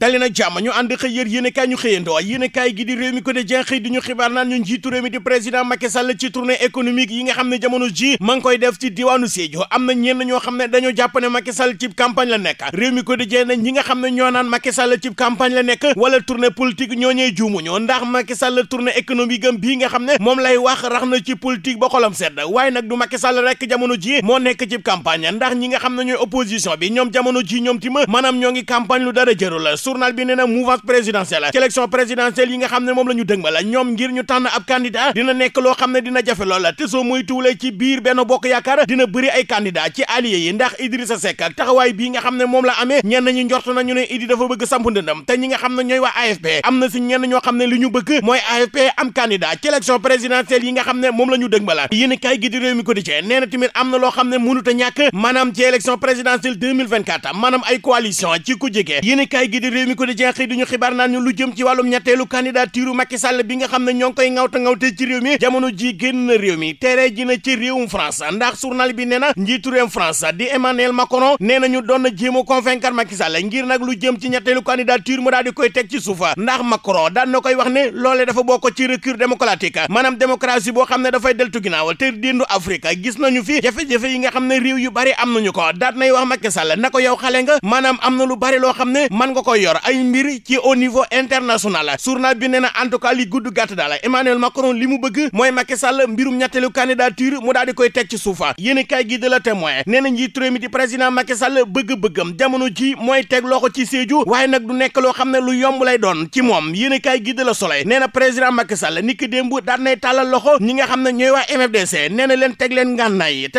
dali nag jàmm ñu ànd xëy yër yéenekaay ñu xëyandoo yéenekaay gi di réew mi ko de xëy di ñu xibaar naan ñu njiitu réew mi di président Macky Sall ci tournée économique yi nga xam ne jamono ji ma ngi koy def ci diwaanu Sédhiou am na ñoo xam ne dañoo jàpp ne Macky Sall ci campagne la nekk réew mi ko de na ñi nga xam ne ñoo naan Macky Sall ci campagne la nekk wala tournée politique ñoo ñee juumuñu ndax Macky Sall tournée économique am bii nga xam ne moom lay wax rax na ci politique ba xolam sedd waaye nag du Macky Sall rek jamono ji moo nekk ci campagne ndax ñi nga xam ne ñooy opposition bi ñoom jamono ji ñoom ti ma ñoo ngi campagne lu journal bi nee na mouvance présidentielle yi nga xam ne moom la ñu dëg ma la ñoom ngir ñu tànn ab candidat dina nekk loo xam ne dina jafe loola te soo muy tuulee ci biir benn bokk yaakaar dina bëri ay candidat ci alliés yi ndax Idrissa Seck ak taxawaay bii nga xam ne moom la amee ñenn ñu njort nañu ne Idi dafa bëgg samp ndëndam te ñi nga xam am na si ñenn ñoo xam ne li ñu bëgg mooy AFP am candidat ci élection présidentielle yi nga xam ne moom la ñu dëg ma la yéen kay gi mi quotidien nee na tamit am na loo xam ne mënut a ñàkk maanaam ci élection présidentielle 2024 maanaam ay coalition ci ku jege yéen kay gi réew mi ko di jeex lu jëm ci wàllum ñetteelu candidature Macky Sall bi nga na réew mi ji na ci réewum France ndax journal bi na njiitu réewum France di Emmanuel Macron nee na ñu na lu jëm ci ñetteelu candidature mu daal di koy teg ci suufa ndax Macron daan na koy wax ne loolee dafa bokk ci recul démocratique maanaam démocratie boo xam ne dafay deltu ginnaaw te dindu Afrique gis nañu fi jafe-jafe yi nga xam ne réew yu bari am nañu ko daat nay wax Macky Sall na ko yow xale nga maanaam am na lu bari loo xam ne man nga ko yor ay mbir ci au niveau international journal bi nee na en tout cas li gudd bëgg mooy Macky mbirum ñetteelu candidature mu daal koy teg ci suufa yéen kay gi la témoin nee na njiit réew mi bëgg-bëggam jamono ji mooy teg loxo ci Sédhiou waaye nag du nekk loo xam ne lu yomb lay doon ci moom yéen kay gi la Soleil nee na président ni ki démb daan nay loxo ñi xam ne ñooy waa MFDC nee na leen teg leen ngànnaay te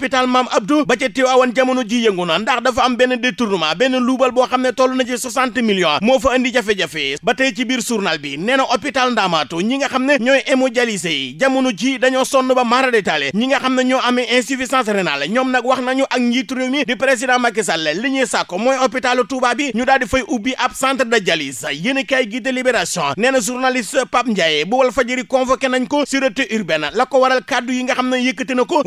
hôpital Maam Abdou ba ca Tiwaawan jamono ji yëngu na ndax dafa am benn détournement benn luubal boo xam ne toll na ci 60 millions moo fa indi jafe-jafe ba tey ci biir bi nee na hôpital Ndamaatu ñi nga xam ne ñooy hémodialysé yi jamono ji dañoo sonn ba mara détaillé ñi nga xam ne ñoo amee insuffisance rénale ñoom nag wax nañu ak njiitu réew mi di président Macky Sall li ñuy sàkko mooy hôpitalu Touba bi ñu daal di fay ubbi ab centre de dialyse yéen kay gi de Libération nee na journaliste Pape Ndiaye bu Walfadjri convoqué nañ ko sûreté urbaine la ko waral kàddu yi nga xam ne yëkkati na ko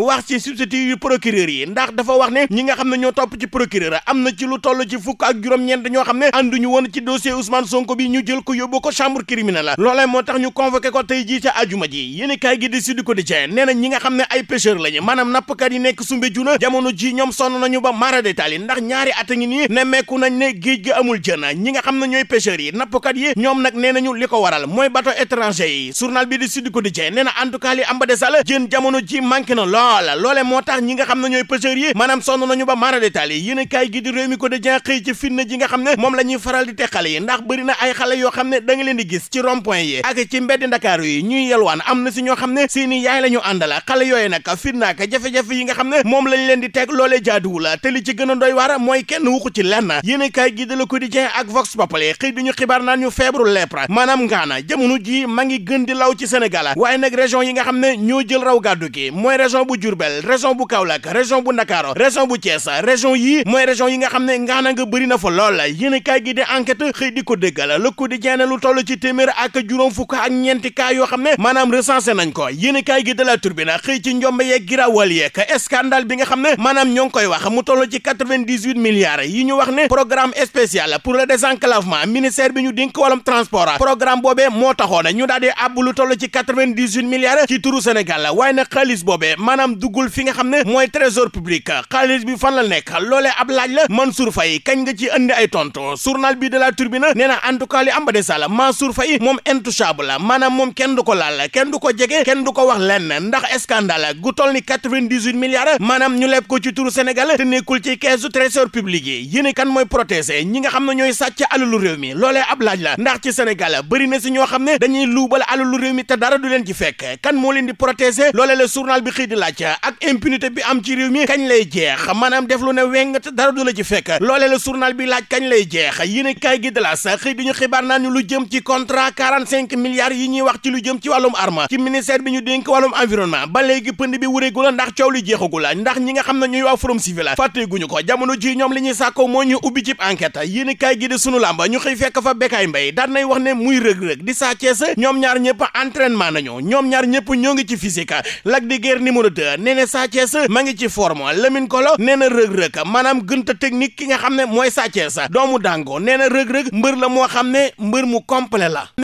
procureur yi ndax dafa wax ne ñi nga xam ne ñoo topp ci procureur am na ci lu toll ci fukk ak juróom-ñeent ñoo xam ne ànduñu woon ci dossier Ousmane Sonko bi ñu jël ko yóbbu ko chambre criminelle la loolee moo tax ñu convoqué ko tey jii ca ajuma ji yéen kaay gi di Sud Quotidien nee na ñi nga xam ne ay pêcheur lañu maanaam nappkat yi nekk Soumbédioune jamono ji ñoom sonn nañu ba mara détail ndax ñaari at ngi nii nemmeeku nañ ne géej gi amul jën ñi nga ñooy pêcheurs yi nappkat yi ñoom nag nee nañu li ko waral mooy bateau étranger yi journal bi di Sud Quotidien ñi nga xam ne ñooy pêcheurs yi maanaam sonn nañu ba maara détaal yi yéen a kaay gi ko de jen xëy ci ji nga xam ne moom la ñuy faral di teqale yi ndax bëri na ay xale yoo xam ne da nga leen di gis ci rond point yi ak ci mbeddi ndakaaru yi ñuy yelwaan am na si ñoo xam ne seeni yaay la ñu àndala xale yooyu nag fitna ak jafe-jafe yi nga xam ne moom lañ leen di teg loolee jaaduwu la te li ci gën a doy waar mooy kenn wuxu ci lenn yéen a kaay gi di Le Quotidien ak Vox Populi xëy di ñu xibaar naan ñu feebaru lèpre maanaam ngaana ji ma ngi gën di law ci Sénégal waaye nag région yi nga xam ne ñoo jël raw gàddu gi mooy région bu Diourbel région bu kaw Kaolack région bu Ndakaaru région bu Thiès région yii mooy région yi nga xam ne nga bëri na fa lool yéen kaay gi di enquête xëy di ko dëggal Le Quotidien lu toll ci téeméer ak juróom fukk ak ñeenti cas yoo xam ne maanaam recensé nañ ko yéen kaay gi de la Tribune xëy ci njombe yeeg girawal yeeg scandale bi nga xam ne maanaam ñoo koy wax mu toll ci quatre-vingt-dix-huit yi ñu wax ne programme spécial pour le désenclavement ministère bi ñu dénk wàllum mooy trésor public xaalis bi fan la nekk loolee ab laaj la Mansour Faye kañ nga ci andi ay tontu journal bi de la Tribune nee na en tout cas li am ba moom intouchable la maanaam moom kenn du ko laal kenn du ko jege kenn du ko wax lenn ndax scandale gu toll ni quatre-vingt-dix-huit milliards maanaam ñu leb ko ci turu Sénégal te nekkul ci keesu trésor public yi yéen kan mooy protéger ñi nga xam ne ñooy sàcc alalu réew mi loolee ab laaj la ndax ci Sénégal bëri na si ñoo xam ne dañuy luubal alalu réew mi te du leen ci fekk kan moo leen di protéger loolee la journal bi xëy bi am ci réew mi kañ lay jeex maanaam def lu ne weng te dara du la ci fekk loolee la journal bi laaj kañ lay jeex yéen a kaay gi de la sax xëy di ñu xibaar naa ñu lu jëm ci contrat 45 yi ñuy wax ci lu jëm ci wàllum arme ci ministère bi ñu dénk wàllum environnement ba léegi pënd bi wuréegula ndax coow li jeexagul ndax ñi nga xam ne ñuy waa forum civil fàtteeguñu ko jamono ji ñoom li ñuy sàkko moo ñu ubbi cib enquête yéen a kaay sunu làmba ñu xëy fekk ñoom ñaar ñëpp entraînement nañu ñoom ñaar ñëpp ñoo ngi ci physique Lac ma ngi ci forme Lamine Kolo nee na rëg-rëg maanaam gënta technique ki nga xam ne mooy Sa Thiès doomu dàngoo nee na rëg-rëg mbër la moo xam ne mbër mu complet la